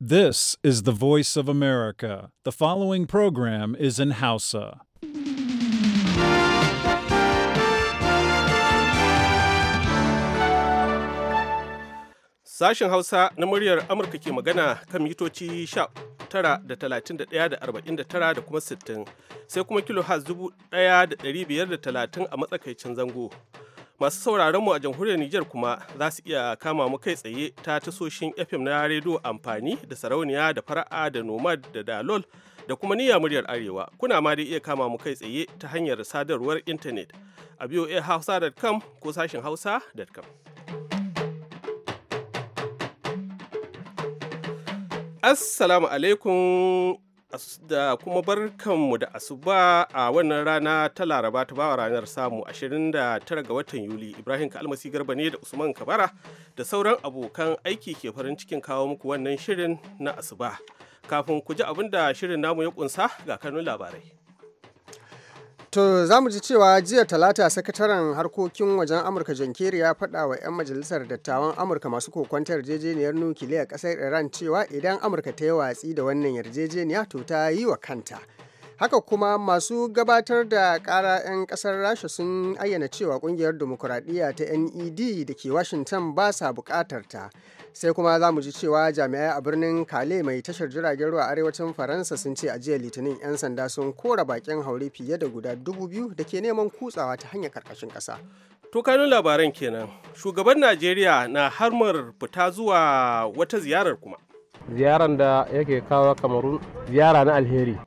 This is the voice of America. The following program is in Hausa. Sashen Hausa na muryar Amurka ke magana kan mitoci 19 da 31 da 49 da kuma 60 sai kuma kilo 1530 a matsakaicin zango. masu sauraron mu a jamhuriyar Nijar kuma za su iya kama mu kai tsaye ta tasoshin FM na rediyo amfani da sarauniya da fara'a da nomad da dalol da kuma niyya muryar arewa kuna ma dai iya kama mu kai tsaye ta hanyar sadarwar intanet a voahausa.com ko sashin hausa.com Assalamu alaikum da kuma barkanmu da asuba a wannan rana ta laraba ta bawa ranar samu 29 ga watan yuli ibrahim kalmasi garba ne da usman kabara da sauran abokan aiki ke farin cikin kawo muku wannan shirin na asuba kafin ku ji abin da shirin namu ya kunsa ga kanun labarai To za mu ji cewa jiya talata sakataren harkokin wajen Amurka John ya faɗa wa 'yan majalisar dattawan Amurka masu kokwantar yarjejeniyar nukiliya ƙasar Iran cewa idan Amurka ta yi watsi da wannan yarjejeniya to ta yi wa kanta. Haka kuma masu gabatar da ƙara 'yan ƙasar Rasha sun ayyana cewa ƙungiyar demokuraɗiyya ta NED da ke Washington ba sa buƙatar ta. sai kuma za mu ji cewa jami'ai a birnin kale mai tashar jiragen ruwa arewacin faransa sun ce a jiya litinin 'yan sanda sun kora bakin haure fiye da guda dubu biyu da ke neman kutsawa ta hanyar karkashin kasa. to kanun labaran kenan shugaban najeriya na harmar fita zuwa wata ziyarar kuma ziyarar da yake kawo kamarun ziyara na alheri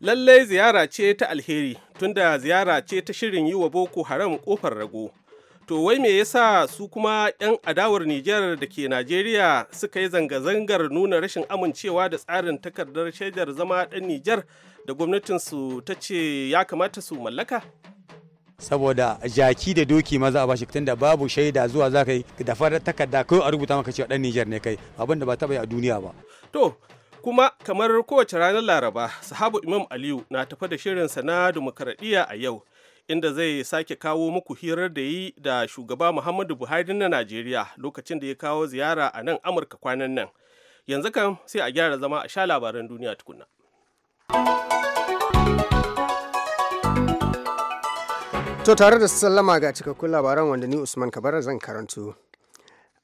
lallai ziyara ce ta alheri tunda ziyara ce ta shirin yi wa boko haram kofar rago To wai me yasa su kuma 'yan adawar Nijar da ke Najeriya suka yi zanga-zangar nuna rashin amincewa da tsarin takardar shaidar zama ɗan Nijar da gwamnatinsu ta ce ya kamata su mallaka? saboda jaki da doki maza a bashi tunda babu shaida zuwa za ka yi da farar takarda ko a rubuta maka cewa dan Nijar ne kai abin ba taba yi a duniya ba. To kuma kamar kowace ranar Laraba sahabu Imam Aliyu na tafa da shirinsa na dimokuraɗiyya a yau. inda zai sake kawo muku hirar da yi da shugaba Muhammadu Buhari na Najeriya lokacin da ya kawo ziyara a nan Amurka kwanan nan. Yanzu kan sai a gyara zama a sha labaran duniya tukuna. To tare da sallama ga cikakkun labaran wanda ni Usman Kabara zan karanto.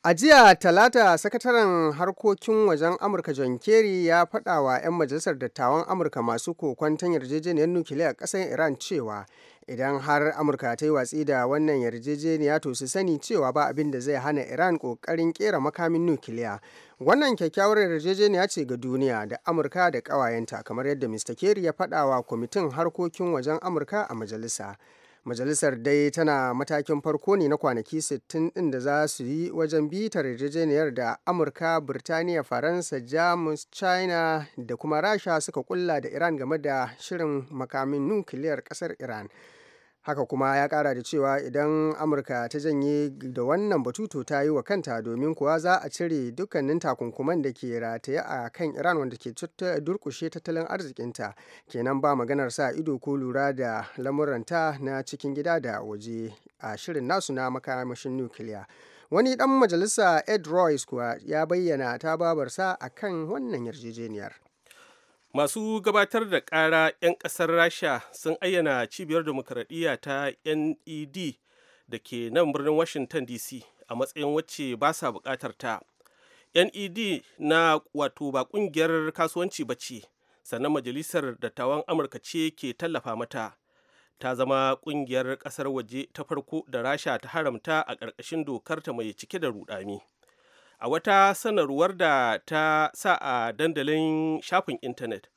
A jiya Talata, Sakataren Harkokin Wajen Amurka John Kerry ya faɗa wa 'yan majalisar dattawan Amurka masu kokwanton yarjejeniyar nukiliya ƙasar Iran cewa idan har Amurka ta yi watsi da wannan yarjejeniya to su sani cewa ba abin da zai hana Iran ƙoƙarin ƙera makamin nukiliya. Wannan kyakkyawar yarjejeniya ce ga duniya da Amurka da ƙawayenta kamar yadda Mr. Kerry ya faɗa wa kwamitin harkokin wajen Amurka a majalisa. majalisar dai tana matakin farko ne na kwanaki 60 ɗin da za su yi wajen bitar yarjejeniyar da amurka birtaniya faransa jamus china da kuma rasha suka kulla da iran game da shirin makamin nukiliyar ƙasar iran haka kuma ya kara da cewa idan amurka ta janye da wannan batutu ta yi wa kanta domin kuwa za a cire dukkanin takunkuman da ke rataye a kan iran wanda ke durkushe tattalin arzikinta kenan ba maganar sa ido ko lura da lamuranta na cikin gida da waje a shirin nasu na makamashin nukiliya wani dan majalisa ed royce kuwa ya bayyana ta babarsa a kan wannan yarjejeniyar masu gabatar da ƙara 'yan ƙasar rasha sun ayyana cibiyar demokaradiyya ta ned da ke nan birnin washington dc a matsayin wacce ba sa buƙatar ta ned na wato ba ƙungiyar kasuwanci ba ce sannan majalisar dattawan amurka ce ke tallafa mata ta zama ƙungiyar ƙasar waje ta farko da rasha ta haramta a ƙarƙashin dokarta mai cike da rudami a wata sanarwar da ta sa a dandalin shafin intanet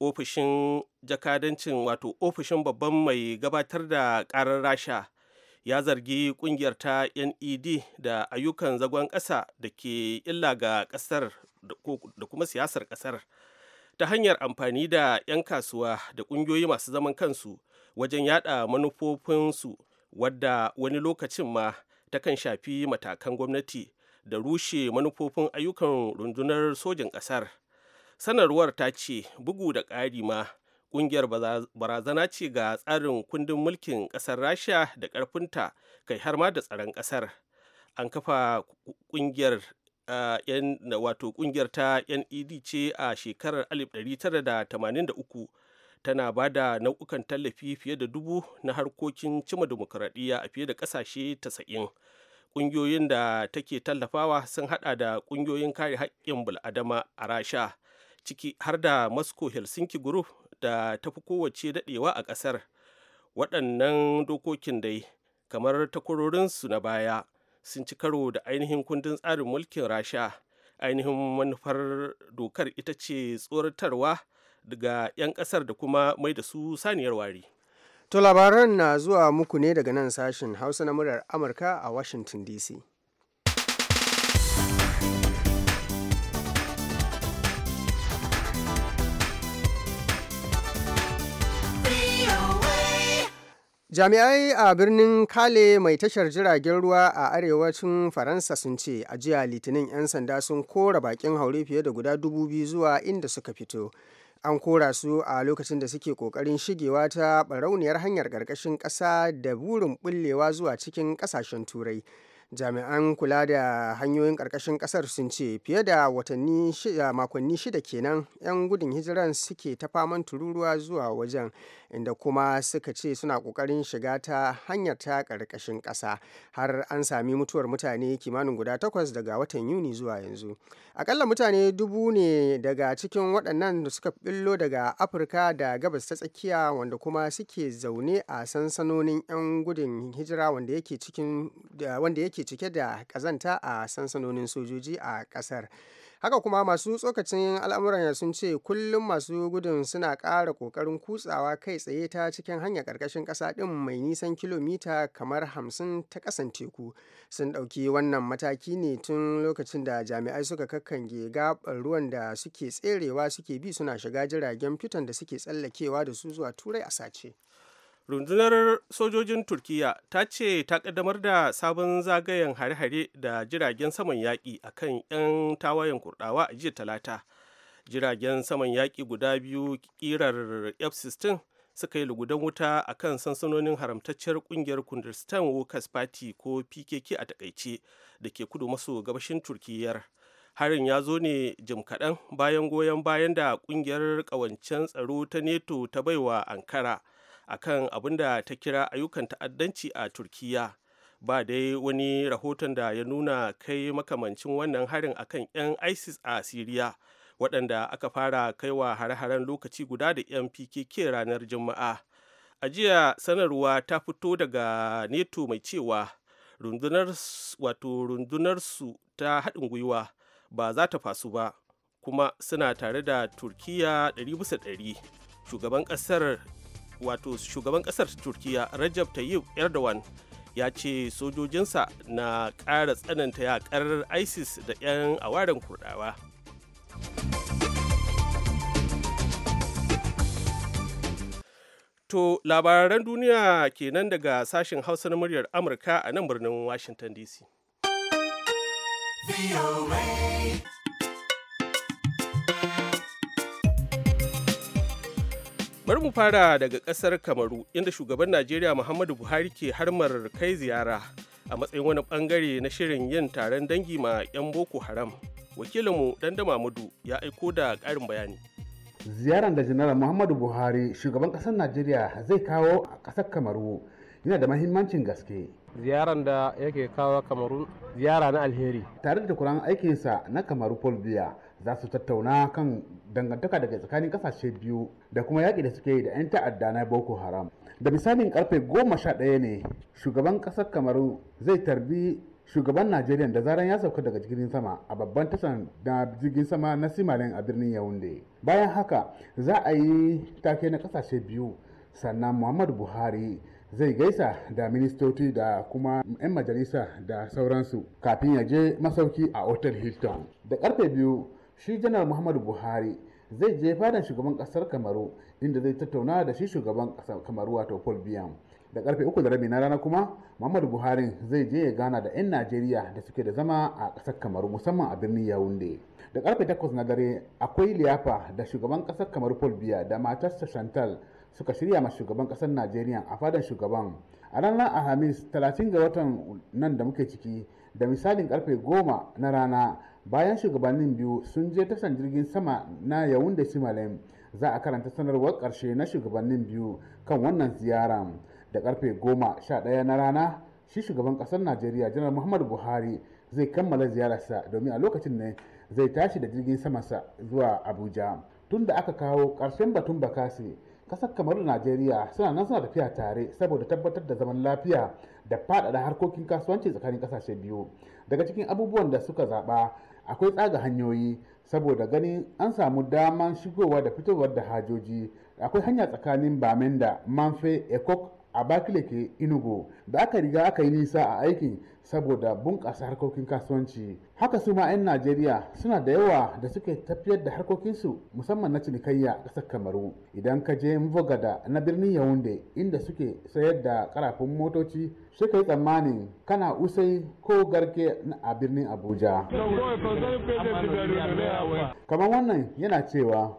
ofishin jakadancin wato ofishin babban mai gabatar da karar rasha ya zargi kungiyar ta ned da ayyukan zagon ƙasa da ke illa ga ƙasar da kuma siyasar ƙasar ta hanyar amfani da 'yan kasuwa da ƙungiyoyi masu zaman kansu wajen yada manufofinsu wadda wani lokacin ma ta kan shafi matakan gwamnati da rushe manufofin ayyukan rundunar sojin ƙasar sanarwar ta ce bugu da ƙari ma ƙungiyar barazana ce ga tsarin kundin mulkin ƙasar rasha da ƙarfinta kai har ma da tsaron ƙasar an kafa ƙungiyar wato ƙungiyar ta ned ce a shekarar 1983 tana ba da nau'ukan tallafi fiye da dubu na harkokin cima dimokuraɗiyya a fiye da ƙasashe 90 ƙungiyoyin da take tallafawa sun hada da ƙungiyoyin kare haƙƙin bul'adama a rasha ciki har da moscow helsinki group da ta fi kowace daɗewa a ƙasar waɗannan dokokin dai kamar takwarorinsu na baya sun ci karo da ainihin kundin tsarin mulkin rasha ainihin manufar dokar ita ce tsoratarwa daga 'yan ƙasar da kuma mai da su saniyar wari. To labaran na zuwa muku ne daga nan sashen Hausa na muryar Amurka a Washington DC. jami'ai a birnin kale mai tashar jiragen ruwa a arewacin faransa sun ce a jiya litinin 'yan sanda sun kora bakin haure fiye da guda dubu biyu zuwa inda suka fito an kora su a lokacin da suke kokarin shigewa ta barauniyar hanyar ƙarƙashin ƙasa da burin ɓullewa zuwa cikin ƙasashen turai jami'an kula da hanyoyin ƙarƙashin ƙasar sun ce fiye da watanni shida makonni shida kenan 'yan gudun hijiran suke ta faman tururuwa zuwa wajen inda kuma suka ce suna ƙoƙarin shiga ta hanyar ta ƙarƙashin ƙasa har an sami mutuwar mutane kimanin guda takwas daga watan yuni zuwa yanzu akalla mutane dubu ne daga cikin waɗannan da suka billo daga afirka da gabas ta tsakiya wanda kuma suke zaune a sansanonin 'yan gudun hijira wanda yake cikin ke cike da kazanta a sansanonin sojoji a kasar haka kuma masu tsokacin al'amuran ya sun ce kullum masu gudun suna ƙara ƙoƙarin kutsawa kai tsaye ta cikin hanyar ƙarƙashin ƙasa ɗin mai nisan kilomita kamar hamsin ta kasan teku sun ɗauki wannan mataki ne tun lokacin da jami'ai suka kakkange gaɓar ruwan da suke tserewa suke bi suna shiga jiragen fitan da suke tsallakewa da su zuwa turai a sace rundunar sojojin turkiyya ta ce ta kaddamar da sabon zagayen hare-hare da jiragen saman yaƙi a kan 'yan tawayen kurɗawa a jiya talata jiragen saman yaƙi guda biyu ƙirar f-16 suka yi lugudan wuta a kan sansanonin haramtacciyar ƙungiyar kundistan workers party ko pkk a takaice da ke kudu maso gabashin turkiyyar harin ya zo ne jim kaɗan bayan goyon bayan da ƙungiyar ƙawancen tsaro ta neto ta baiwa ankara akan abin da ta kira ayyukan ta'addanci a turkiya ba dai wani rahoton da ya nuna kai makamancin wannan harin akan 'yan isis a siriya waɗanda aka fara kaiwa hare-haren lokaci guda da 'yan pkk ranar juma'a a jiya sanarwa ta fito daga neto mai cewa rundunar su ta haɗin gwiwa ba za ta fasu ba kuma suna tare da turkiya 100 shugaban ƙasar wato shugaban kasar turkiya rajab tayyip erdogan ya ce sojojinsa na ƙara tsananta yakar isis da 'yan awaren kurdawa to labaran duniya kenan daga sashen hausa na muryar amurka a nan birnin washington dc bari mu fara daga kasar kamaru inda shugaban najeriya muhammadu buhari ke harmar kai ziyara a matsayin wani bangare na shirin yin taron dangi ma 'yan boko haram wakilinmu Danda mamudu ya aiko da karin bayani ziyarar da janar muhammadu buhari shugaban ƙasar najeriya zai kawo a ƙasar kamaru yana da mahimmancin gaske ziyarar da yake kawo kamaru ziyara na alheri tare da kuran aikinsa na kamaru paul za su tattauna kan dangantaka daga tsakanin kasashe biyu da kuma yaƙi da suke yi da 'yan ta'adda na boko haram da misalin karfe goma sha ne shugaban ƙasar kamaru zai tarbi shugaban najeriya da zaran ya sauka daga jirgin sama a babban tashan da jirgin sama na simalin a birnin yaounde bayan haka za a yi take na kasashe biyu sannan muhammadu buhari zai gaisa da ministoci da kuma 'yan majalisa da sauransu kafin ya je masauki a otel hilton da karfe biyu shi janar muhammadu buhari zai je fadan shugaban kasar kamaru inda zai tattauna da shi shugaban kasar kamaru wato paul biyan da karfe uku da rabi na rana kuma muhammadu buhari zai je ya gana da 'yan najeriya da suke da zama a kasar kamaru musamman a birnin yawunde da karfe takwas na dare akwai liyafa da shugaban kasar kamaru paul biya da matarsa chantal suka shirya ma shugaban kasar najeriya a fadan shugaban a ranar alhamis 30 ga watan nan da muke ciki da misalin karfe 10 na rana bayan shugabannin biyu sun je tashan jirgin sama na yawun da shimalem za a karanta sanarwar karshe na shugabannin biyu kan wannan ziyara da karfe goma sha ɗaya na rana shi shugaban ƙasar najeriya janar muhammadu buhari zai kammala ziyararsa domin a lokacin ne zai tashi da jirgin sa zuwa abuja tun da aka kawo ƙarshen batun bakasi kasar kamar najeriya suna nan suna tafiya tare saboda tabbatar da zaman lafiya da faɗaɗa harkokin kasuwanci tsakanin ƙasashe biyu daga cikin abubuwan da suka zaɓa akwai tsaga hanyoyi saboda ganin an samu daman shigowa da fitowar da hajoji akwai hanya tsakanin bamenda manfe ekok a bakileke inugu da aka riga aka yi nisa a aikin saboda bunƙasa harkokin kasuwanci haka su ma 'yan najeriya suna da yawa da suke tafiyar da harkokinsu musamman na cinikayya ƙasar kamaru idan ka je mvogada na birnin yaounde inda suke sayar da karafin motoci suka yi tsammanin kana usai ko garke a birnin abuja kamar wannan yana cewa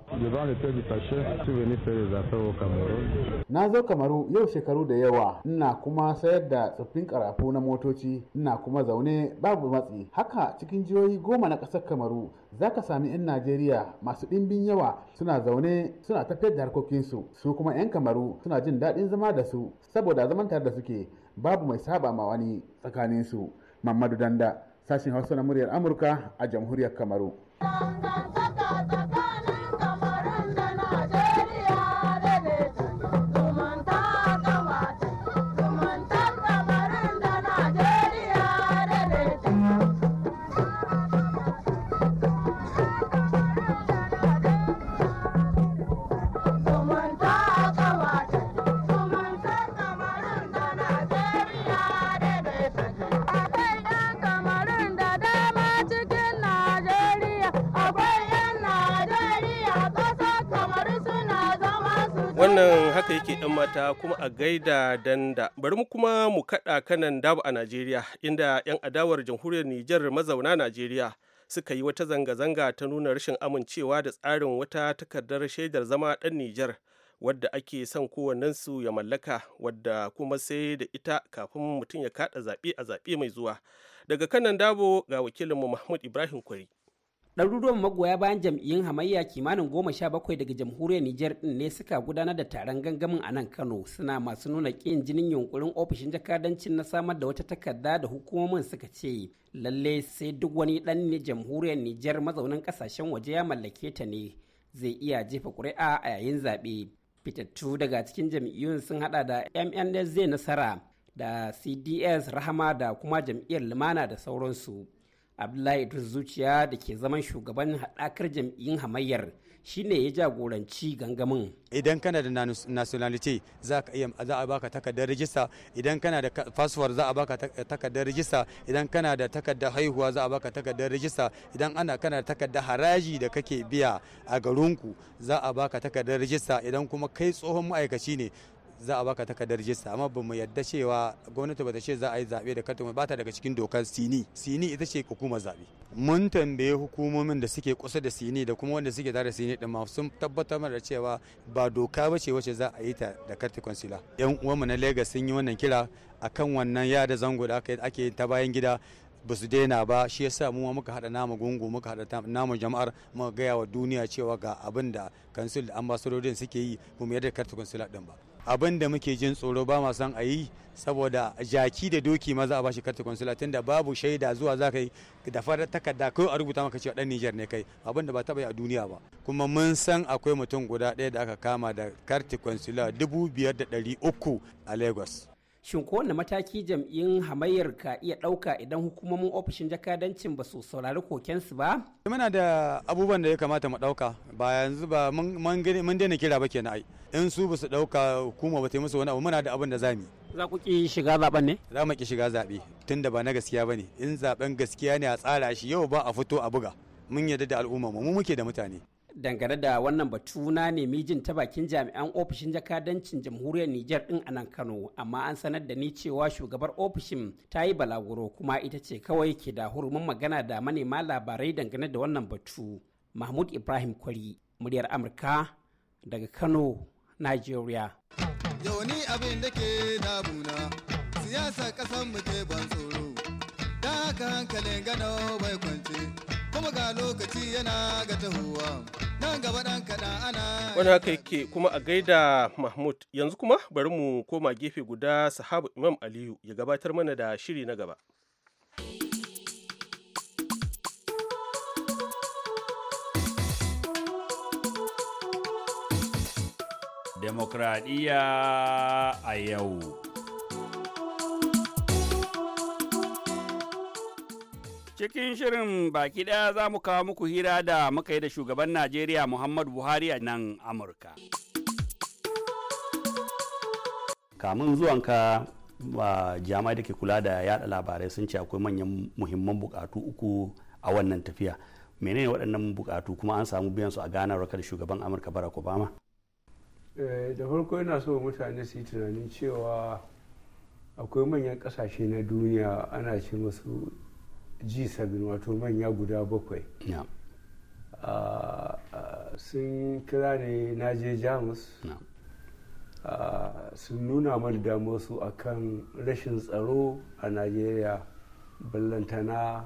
na zo kamaru yau shekaru da yawa ina kuma sayar da tsoffin karafu na motoci ina kuma zaune babu matsi haka cikin jihohi goma na ƙasar kamaru za ka sami 'yan najeriya masu ɗimbin yawa suna zaune suna tafiyar da harkokinsu su kuma 'yan kamaru suna jin daɗin zama da su saboda zaman tare da suke babu mai saba ma wani tsakaninsu mamadu danda sashen hausa na muryar amurka a jamhuriyar kamaru 'yan mata kuma a gaida danda bari mu kuma mu kaɗa kanan dabu a najeriya inda 'yan adawar jamhuriyar nijar mazauna najeriya suka yi wata zanga-zanga ta nuna rashin amincewa da tsarin wata takardar shaidar zama ɗan nijar wadda ake son kowannensu ya mallaka wadda kuma sai da ita kafin mutum ya kaɗa zaɓe a zaɓe mai zuwa daga kanan dabo ga wakilinmu mahmud ibrahim kwari ɗaruruwan magoya bayan jam'iyyun hamayya kimanin goma sha bakwai daga jamhuriyar Nijar ɗin ne suka gudanar da taron gangamin a nan Kano suna masu nuna ƙin jinin yunkurin ofishin jakadancin na samar da wata takarda da hukumomin suka ce lalle sai duk wani ɗan ne jamhuriyar Nijar mazaunin ƙasashen waje ya mallake ta ne zai iya jefa ƙuri'a a yayin zaɓe. Fitattu daga cikin jam'iyyun sun haɗa da MNSZ Nasara da CDS Rahama da kuma jam'iyyar Lumana da sauransu. abdullahi idris zuciya da ke zaman shugaban haɗakar jam'iyyun hamayyar shine ya jagoranci gangamin idan kana da nationality za a baka takardar rijista idan kana da fasfawar za a baka takardar rijista idan kana da takardar haihuwa za a baka takardar rijista idan ana kana da takardar haraji da kake biya a garinku za a baka takardar rijista idan kuma kai tsohon ma'aikaci ne za a baka takardar rijista amma ba mu yadda cewa gwamnati ba ta ce za a yi zaɓe da katin ba ta daga cikin dokar sini sini ita ce hukumar zaɓe mun tambaye hukumomin da suke kusa da sini da kuma wanda suke tare sini din ma sun tabbatar da cewa ba doka ba ce wacce za a yi ta da katin consular yan uwanmu na Legas sun yi wannan kira kan wannan yada zango da ake ta bayan gida ba su daina ba shi yasa mu muka hada nama gungu muka hada nama jama'ar muka gaya wa duniya cewa ga abin da kansul da ambasadodin suke yi kuma yadda karta kansula din ba abin da muke jin tsoro ba masu san a yi saboda jaki da doki ma za a bashi karta consular tunda babu shaida zuwa za ka yi da fara takarda ko a rubuta maka cewa dan Nijar ne kai abin da ba taba yi a duniya ba kuma mun san akwai mutum guda ɗaya da aka kama da karti consular dubu biyar da ɗari uku a Lagos. shin kowane mataki jam'iyyun hamayyar ka iya ɗauka idan hukumomin ofishin jakadancin ba su saurari kokensu ba? muna da abubuwan da ya kamata mu ɗauka ba yanzu ba mun daina kira ba kenan ai in su ba su ɗauka hukuma ba ta musu wani abu muna da abin da za mu yi. za ku ki shiga zaben ne za mu ki shiga zaɓe tun da ba na gaskiya ba ne in zaben gaskiya ne a tsara shi yau ba a fito a buga mun yarda da al'umma mu muke da mutane dangane da wannan batu na nemi jin ta bakin jami'an ofishin jakadancin jamhuriyar Nijar din a nan Kano amma an sanar da ni cewa shugabar ofishin ta yi balaguro kuma ita ce kawai ke da hurumin magana da manema labarai dangane da wannan batu Mahmud Ibrahim Kwari muryar Amurka daga Kano Nigeria Yau ni abin da ke damuna siyasa kasan mu ke ban tsoro da hankalin gano bai kwance kuma ga lokaci yana ga tahowa wani haka yake kuma a gaida mahmud yanzu kuma bari mu koma gefe guda sahabu imam aliyu ya gabatar mana da shiri na gaba demokradiyya a yau Cikin shirin baki ɗaya za mu kawo muku hira da muka yi da shugaban Najeriya Muhammadu Buhari a nan Amurka. Kamun zuwanka jami'ai da ke kula da yada labarai sun ce akwai manyan muhimman bukatu uku a wannan tafiya. menene waɗannan bukatu kuma an samu biyan su a ganawar da shugaban amurka barack obama eh, da farko yana so mutane su yi tunanin cewa akwai manyan kasashe na duniya ana ce masu g7 wato manya guda bakwai ah, sun kira ne na je jamus ah, sun nuna mana su a kan rashin tsaro a najeriya ballantana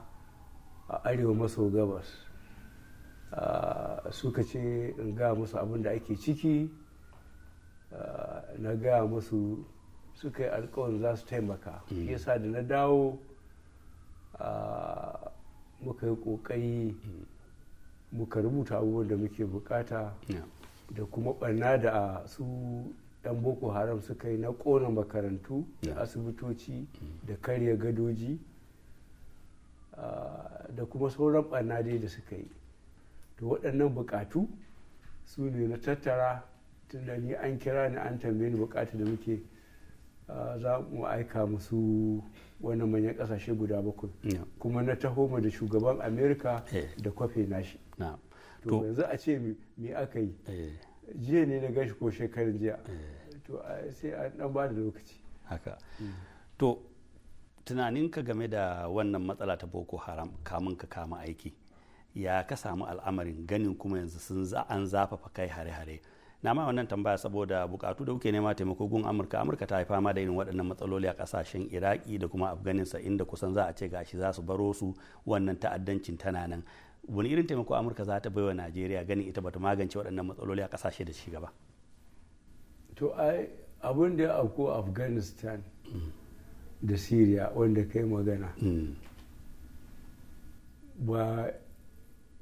a arewa maso gabas ah, suka ce in ga musu abin da ake ciki na gaya musu suka yi alkawarin za su taimaka mm. yasa da na dawo muka yi kokari muka rubuta abubuwan da muke bukata da kuma barna da su yan boko haram suka yi na kona makarantu da asibitoci da mm. karya gadoji da kuma sauran barna dai da suka yi to waɗannan bukatu su ne na tattara tun da ni an kira ni an tambaye ni bukatu da muke za mu aika musu wannan manyan kasashe guda bakwai kuma na taho mu da shugaban amerika eh. da kwafe nashi to yanzu a ce me aka yi eh. jiya ne na gashi ko shekarun jiya eh. to sai an dan ba da lokaci haka mm. to tunaninka game da wannan matsala ta boko haram kamun ka kama aiki ya ka samu al'amarin ganin kuma yanzu sun an zafafa kai hare-hare na ma wannan tambaya saboda bukatu da kuke nema taimako gun amurka amurka ta yi fama da irin waɗannan matsaloli a ƙasashen iraki da kuma afghanistan inda kusan za a ce gashi za su baro su wannan ta'addancin tana nan wani irin taimako amurka za ta baiwa najeriya ganin ita bata magance waɗannan matsaloli a ƙasashe da shi gaba to ai abun da ya auku afghanistan da syria wanda kai magana hmm. ba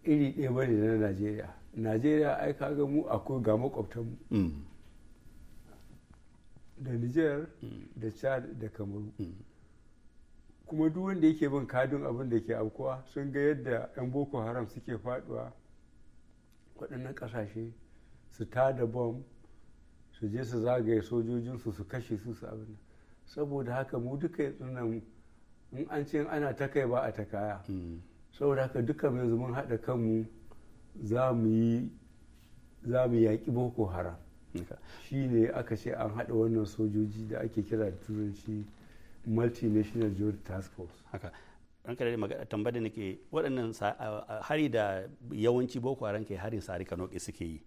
iri ɗaya bane na najeriya najeriya ai kaga mu akwai ga makwabtanmu mm. da niger mm. da chad da kamaru mm. kuma duk wanda yake bin kadin abin da ke aukuwa sun ga yadda 'yan boko haram suke faduwa waɗannan ƙasashe su ta da bom su je su zagaye sojojinsu su kashe su su abin saboda haka mu duka nan in an ce ana ta kai ba a ta kaya saboda haka duka mai mun haɗa kanmu za mu yaƙi boko haram shi ne aka ce an haɗa wannan sojoji da ake kira da turanci multinational joint task force haka ranka da magana tambayar da nake waɗannan hari da yawanci boko haram ke harin sari kanoki suke yi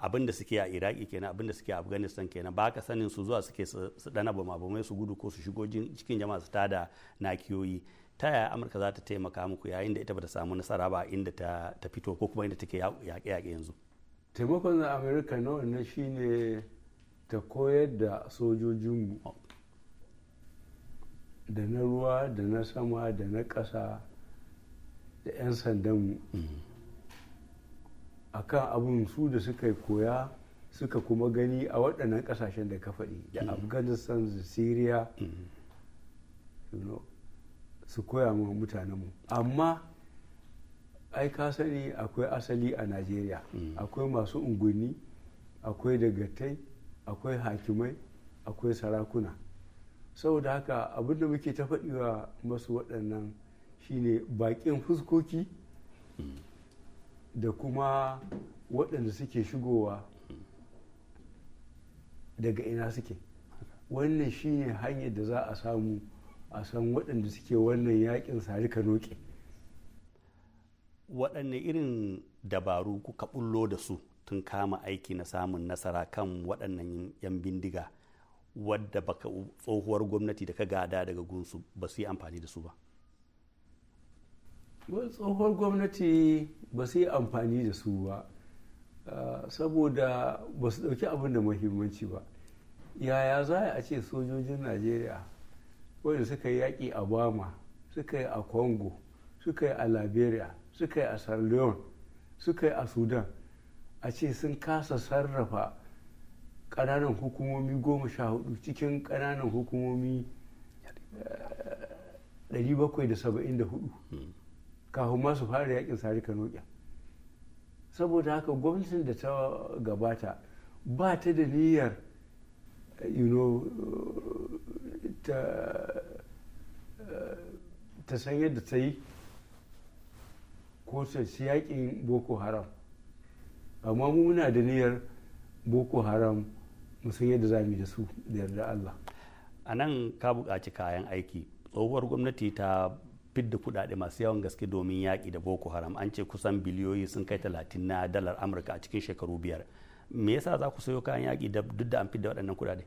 abin da suke a iraki kenan abin da suke a afghanistan kenan ba ka sanin su zuwa suke su dana bama bamai su gudu ko su shigo cikin jama'a su tada nakiyoyi ta yaya amurka za ta taimaka muku yayin da ita ba ta samu nasara ba inda ta, fito ko kuma inda take yaƙe-yaƙe yanzu taimakon na amurka na wannan shine ta koyar da sojojinmu da na ruwa da na sama da na ƙasa da 'yan sandanmu a kan abin su da suka koya suka kuma gani a waɗannan ƙasashen da ka faɗi da hmm. afghanistan da syria hmm. su koya ma mu. amma ai ka sani akwai asali a najeriya mm. akwai masu unguni, akwai dagatai akwai hakimai akwai sarakuna saboda haka abin da muke ta faɗiwa masu waɗannan shine baƙin fuskoki da kuma waɗanda suke shigowa daga ina suke wannan shine hanyar da za a samu a san waɗanda suke wannan yakin sari ka noke waɗanne irin dabaru kuka bullo da su tun kama aiki na samun nasara kan waɗannan 'yan bindiga wadda baka tsohuwar gwamnati da ka gada daga gunsu ba su yi amfani da su ba tsohuwar gwamnati ba su yi amfani da su ba saboda ba su ɗauki abin da muhimmanci ba yaya za a ce sojojin najeriya wanda suka yi yaƙi a bama suka yi a congo suka yi a liberia suka yi a sierra suka yi a sudan a ce sun kasa sarrafa ƙananan hukumomi goma sha hudu cikin ƙananan hukumomi 774 eh, kafin ma su fara yakin sari kanoƙi saboda haka gwamnatin da ta gabata ba ta da niyyar you know, ta san yadda ta yi ko sai yaƙin boko haram amma muna da niyyar boko haram mu yadda za mu da su da yarda allah a nan ka buƙaci kayan aiki tsohuwar gwamnati ta fidda kudade masu yawan gaske domin yaƙi da boko haram an ce kusan biliyoyi sun kai talatin na dalar amurka a cikin shekaru biyar me yasa za ku sayo kayan yaƙi duk da an fidda waɗannan kudade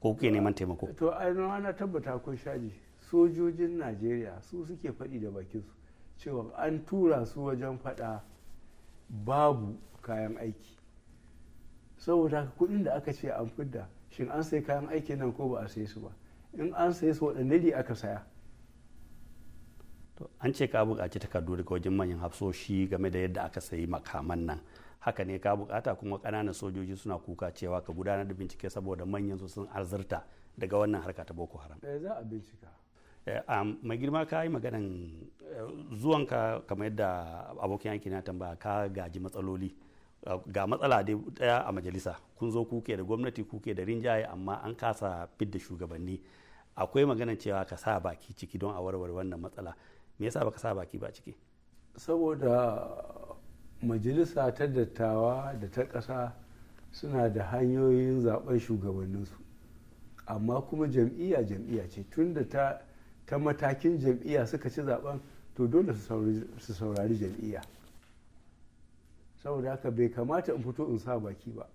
ko kuke neman taimako to ai na tabbata akwai shaji sojojin najeriya su suke faɗi da bakin su cewa an tura su wajen faɗa babu kayan aiki saboda haka kuɗin da aka ce an fidda shin an sai kayan aiki nan ko ba a sai su ba in an sai su waɗanne ne aka saya an ce ka bukaci takardu daga wajen manyan hafsoshi game da yadda aka sayi makaman nan haka ne ka bukata kuma ƙananan sojoji suna kuka cewa ka gudanar da bincike saboda manyan su sun arzurta daga wannan harka ta boko haram eh, za a bincika Eh, mai girma ka yi maganan eh, zuwanka kamar yadda abokin yanki na tambaya ka gaji matsaloli eh, ga matsala dai daya a majalisa kun zo kuke da gwamnati kuke da rinjaye amma an kasa fidda shugabanni akwai maganan cewa ka sa baki ciki don a warware wannan matsala me yasa baka sa baki ba ciki saboda majalisa ta dattawa da ta ƙasa suna da hanyoyin zaben shugabanninsu amma kuma jam'iyya jam'iyya ce tun da ta ta matakin jam'iyya suka ci zaben to dole su saurari jam'iyya saboda haka bai kamata in fito in sa baki ba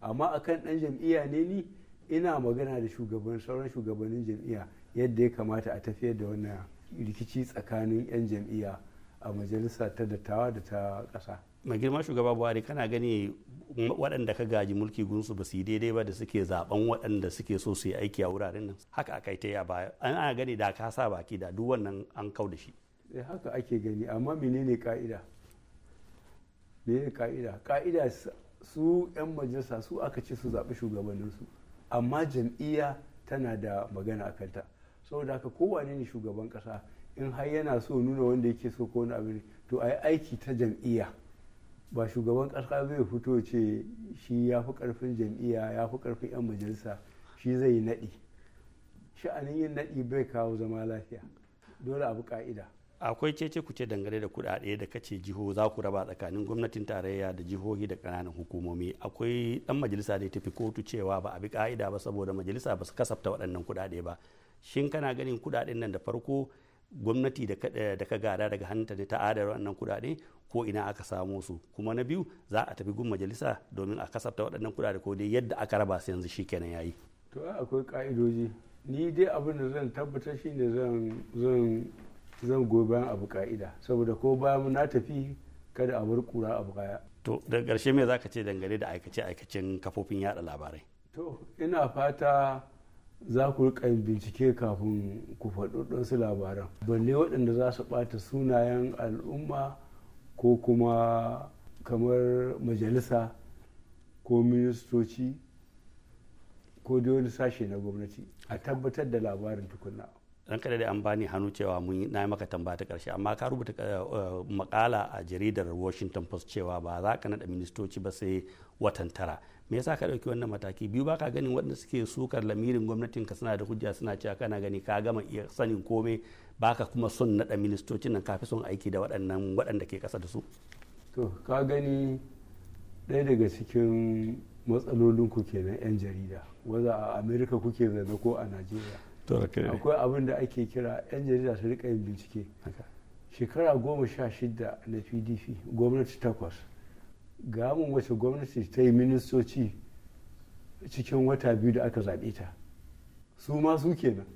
amma akan ɗan jam'iyya ne ni ina magana da shugaban sauran shugabannin jam'iyya yadda ya kamata a tafiyar da wannan rikici tsakanin 'yan jam'iyya a majalisa ta dattawa da ta ƙasa mai girma shugaba buhari kana gani waɗanda ka gaji mulki gunsu ba su yi daidai ba da suke zaben waɗanda suke so su yi aiki a wuraren nan haka aka ta ya baya an ana gani da ka sa baki da duk wannan an kau da shi eh, haka ake gani amma menene ka'ida menene ka'ida ka'ida su 'yan majalisa su aka ce su zaɓi shugabanninsu amma jam'iyya tana da magana a kanta saboda haka kowane ne shugaban ƙasa in har yana so nuna wanda yake so ko wani abu to a yi aiki ta jam'iyya ba shugaban ƙasa zai fito ce shi ya fi ƙarfin jam'iyya ya fi ƙarfin 'yan majalisa shi zai yi naɗi sha'anin yin naɗi bai kawo zama lafiya dole abu ka'ida akwai cece kuce dangane da kuɗaɗe da kace jiho za ku raba tsakanin gwamnatin tarayya da jihohi da ƙananan hukumomi akwai ɗan majalisa da ya tafi kotu cewa ba a bi ƙa'ida ba saboda majalisa ba su kasafta waɗannan kuɗaɗe ba shin kana ganin kuɗaɗen nan da farko gwamnati eh, da ka gada daga hannunta ne ta adana wannan kudade ko ina aka samo su kuma na biyu za a tafi gun majalisa domin a kasafta waɗannan kudade ko dai yadda aka raba su yanzu kenan yayi to akwai ka'idoji ni dai abin da zan tabbatar shi ne zan zan abu ka'ida saboda ko ba mu na tafi kada a bar kura abu kaya to daga ƙarshe me zaka ce dangane da aikace aikacen kafofin yada labarai to ina fata za ku rika bincike kafin ku faɗi su labaran balle waɗanda za su ɓata sunayen al'umma ko kuma kamar majalisa ko ministoci ko dai wani sashe na gwamnati a tabbatar da labarin tukuna dan kada da an bani hannu cewa mun na maka tambaya ta karshe amma ka rubuta eh, eh, makala a jaridar washington post cewa ba za ka nada ministoci ba sai watan tara me yasa ka ɗauki wannan mataki biyu ba ka ganin waɗanda suke sukar lamirin gwamnatin ka suna da hujja suna cewa kana gani ka gama iya sanin komai baka kuma son naɗa ministocin nan kafi son aiki da waɗannan waɗanda ke ƙasa da su to ka gani ɗaya daga cikin matsalolin ku kenan 'yan jarida wanda a amerika kuke zane ko a najeriya akwai abin da ake kira 'yan jarida su rika yin bincike shekara goma sha shida na pdp gwamnati takwas ga wace gwamnati ta yi ministoci cikin wata biyu da aka zaɓe ta su ma su kenan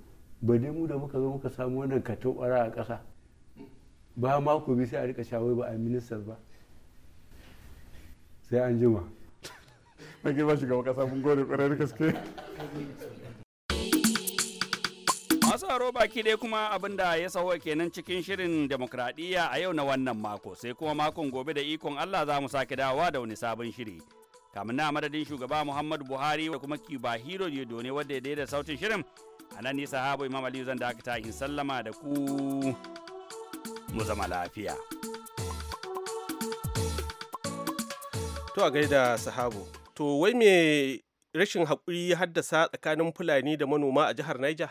ba dai mu da muka zo muka samu wannan katobara a ƙasa ba mako bi sai a rika shawai ba a ministar ba sai an jima mai girma shugaban ƙasa mun gode ƙwarar gaske masu baki dai kuma abin da ya sauwa kenan cikin shirin demokradiyya a yau na wannan mako sai kuma makon gobe da ikon Allah za mu sake dawowa da wani sabon shiri. Kamin na madadin shugaba Muhammadu Buhari da kuma Kiba Hiro ne ne wadda ya daida sautin shirin. A nan nisa habu Imam Aliyu zan dakata in sallama da ku mu zama lafiya. To a gaida sahabu. To wai me rashin haƙuri haddasa tsakanin Fulani da manoma a jihar Niger?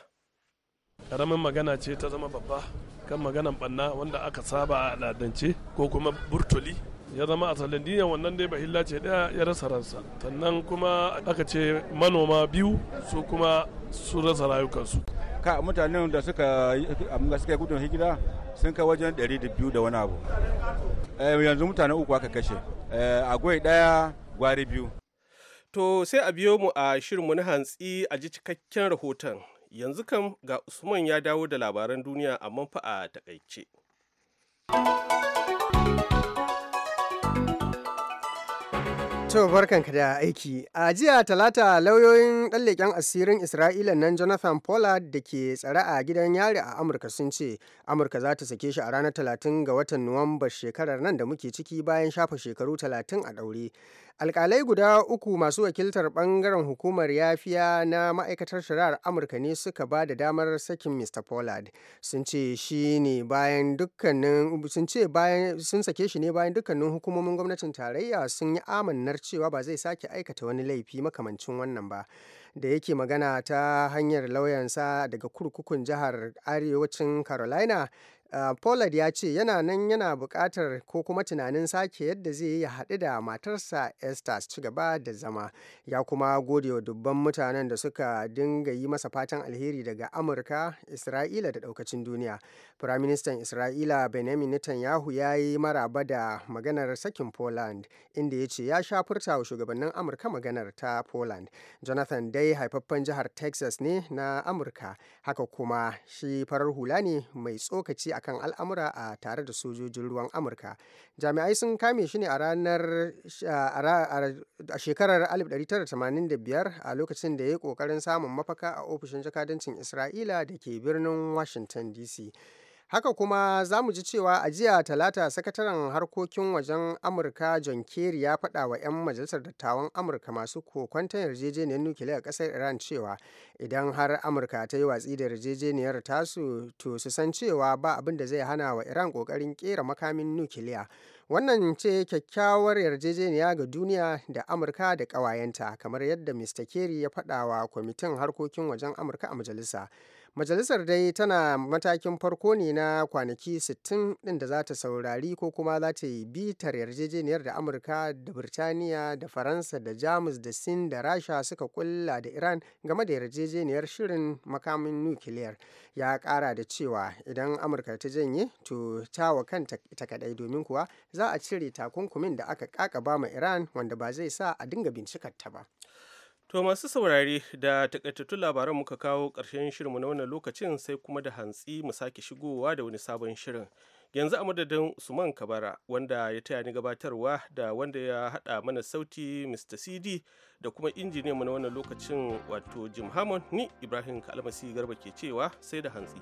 karamin magana ce ta zama babba kan maganan banna wanda aka saba a al'adance ko kuma burtuli ya zama a sanadiyan wannan dai bahilla ce daya ya rasa ransa sannan kuma aka ce manoma biyu su kuma su rasa rayukansu ka mutanen da suka suka gudun hijira sun kai wajen 200 da wani abu eh, yanzu mutane uku aka kashe eh, agwai daya gwari biyu to sai a biyo mu a shirinmu na hantsi a ji cikakken rahoton yanzu kam ga usman ya dawo da labaran duniya a fa a takaice To barkanka da aiki. A jiya talata lauyoyin ɗan leƙen asirin Isra'ila nan Jonathan Pollard da ke tsare a gidan yari a Amurka sun ce Amurka za ta sake shi a ranar talatin ga watan Nuwamba shekarar nan da muke ciki bayan shafa shekaru talatin a ɗaure. alkalai guda uku masu wakiltar bangaren hukumar yafiya na ma'aikatar shari'ar amurka ne suka ba da damar sakin mr pollard sun ce shi ne bayan dukkanin sun sake shi ne bayan dukkanin hukumomin gwamnatin tarayya sun yi amannar cewa ba zai sake aikata wani laifi makamancin wannan ba da yake magana ta hanyar lauyansa daga kurkukun jihar arewacin carolina Eh, Pollard ya ce yana nan yana buƙatar ko kuma tunanin sake yadda zai yi ya haɗu da matarsa Esther ci gaba da zama. Ya kuma gode wa dubban mutanen da suka dinga yi masa fatan alheri daga Amurka, Isra'ila da ɗaukacin duniya. Firaministan Isra'ila Benjamin Netanyahu ya yi maraba da maganar sakin Poland, inda ya ce ya sha furta wa shugabannin Amurka maganar ta Poland. Jonathan dai haifaffen jihar Texas ne na Amurka, haka kuma shi farar hula ne mai tsokaci a akan al'amura a tare da sojojin ruwan amurka jami'ai sun kame shi ne a ranar a shekarar 1985 a lokacin da ya yi kokarin samun mafaka a ofishin jakadancin isra'ila da ke birnin washington dc Haka kuma za mu ji cewa a jiya Talata Sakataren Harkokin Wajen Amurka John Kerry ya faɗa wa 'yan Majalisar Dattawan Amurka masu kokwanton yarjejeniyar nukiliya a ƙasar Iran cewa idan har Amurka ta yi watsi da yarjejeniyar tasu to su san cewa ba abin da zai hana wa Iran ƙoƙarin kera makamin nukiliya. Wannan ce kyakkyawar yarjejeniya ga duniya da Amurka da ƙawayenta kamar yadda Mr. Kerry ya faɗa wa kwamitin harkokin wajen Amurka a majalisa. Majalisar dai tana matakin farko ne na kwanaki 60 ɗin da za ta saurari ko kuma za ta yi bitar yarjejeniyar da Amurka da Birtaniya da Faransa da Jamus da Sin da Rasha suka kulla da Iran game da yarjejeniyar shirin makamin nukiliyar. Ya kara da cewa idan Amurka ta janye to ta wa kanta ita kaɗai domin kuwa za a cire takunkumin da aka ƙaƙaba ma Iran wanda ba zai sa a dinga bincikar ta ba. To masu saurare da takaitattun labaran muka kawo ƙarshen shirinmu na wannan lokacin sai kuma da hantsi mu sake shigowa da wani sabon shirin. Yanzu a madadin Usman Kabara wanda ya taya ni gabatarwa da wanda ya haɗa mana sauti Mr. CD da kuma injiniyan mu na wannan lokacin wato Jim Hammond ni Ibrahim Kalmasi Garba ke cewa sai da hantsi.